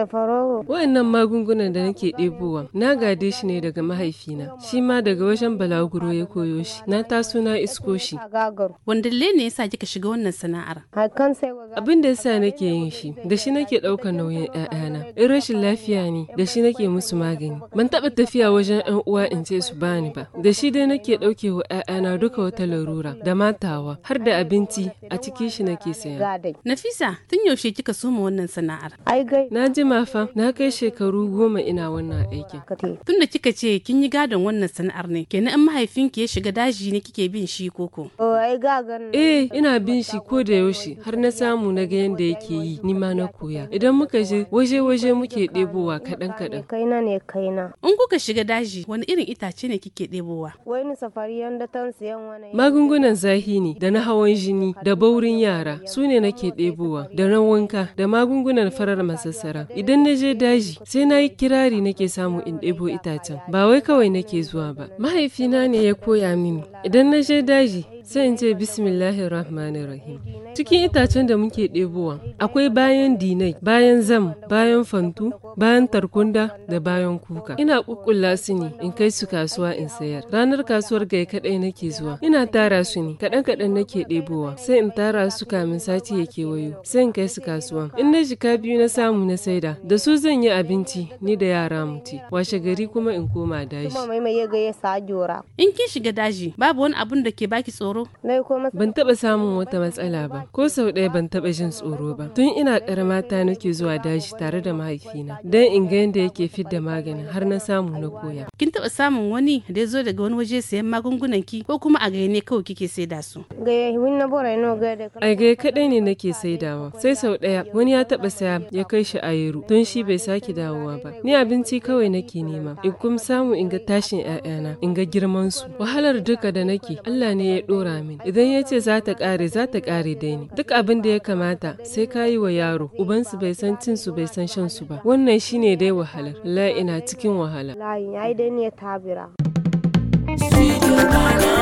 safaroro. Wa'annan magungunan da nake ɗebowa na gade shi ne daga mahaifina, shi ma daga wajen balaguro ya koyo shi, na taso na isko shi. Wanda ne yasa kika shiga wannan sana'ar? Abin da yasa nake yin shi, da shi nake ɗaukar nauyin ‘ya'yana. In rashin lafiya ne, da shi nake musu magani. Ban taɓa tafiya wajen ‘yan uwa in ce su bani ba, da shi dai nake ɗauke wa ‘ya'yana duka wata larura, da matawa, har da abinci a cikin shi nake saya. Nafisa, tun yaushe kika soma wannan sana'ar? Na ji ma fa na kai shekaru goma ina wannan aikin. Tunda kika ce kin yi gadon wannan sana'ar ne, kenan in mahaifinki ya shiga daji ne kike bin shi koko? Oh, eh, ina bin shi ko da yaushe har na samu na ga yadda yake yi ni ma na koya. Idan muka je waje-waje muke ɗebowa kaɗan-kaɗan. Kaina ne kaina. In kuka shiga daji wani irin itace ne kike ɗebowa? Wani safari yanda tan siyan wani. Magungunan zahi ne da na hawan jini da baurin yara su ne nake ɗebowa da na wanka da magungunan farar masassara. idan na je daji sai na yi kirari nake samu in ɗebo itacen ba wai kawai nake zuwa ba mahaifina ne ya koya mini idan na je daji sai in ce bismillahir rahmanir rahim cikin itacen da muke ɗebowa akwai bayan dinai bayan zam bayan fantu bayan tarkunda da bayan kuka ina kukkulla su ne in kai su kasuwa in sayar ranar kasuwar gai kadai nake zuwa ina tara su ne kaɗan kaɗan nake ɗebowa sai in tara su kamin sati ya kewayo sai in kai su kasuwa in na jika biyu na samu na saida da su zan yi abinci ni da yara mu ci washe gari kuma in koma daji in kin shiga daji babu wani abun da ke baki tsoro tsoro? Ban taɓa samun wata matsala ba, ko sau ɗaya ban taɓa jin tsoro ba. Tun ina ƙarama ta nake zuwa daji tare da mahaifina, don in ga yadda yake fidda magani har na samu na koya. Kin taɓa samun wani da ya zo daga wani waje sayan magungunan ki ko kuma a gaya ne kawai kike saida su? A gaya kaɗai ne nake saidawa, sai sau ɗaya wani ya taɓa saya ya kai shi a yaro, don shi bai sake dawowa ba. Ni abinci kawai nake nema, in kuma samu in ga tashin 'ya'yana, in ga girmansu. Wahalar duka da nake, Allah ne ya ɗora dora min idan ya ce za ta kare za ta kare dai ni duk abin da ya kamata sai ka yi wa yaro ubansu bai san cin su bai san shan su ba wannan shine dai wahalar la ina cikin wahala Studio tabira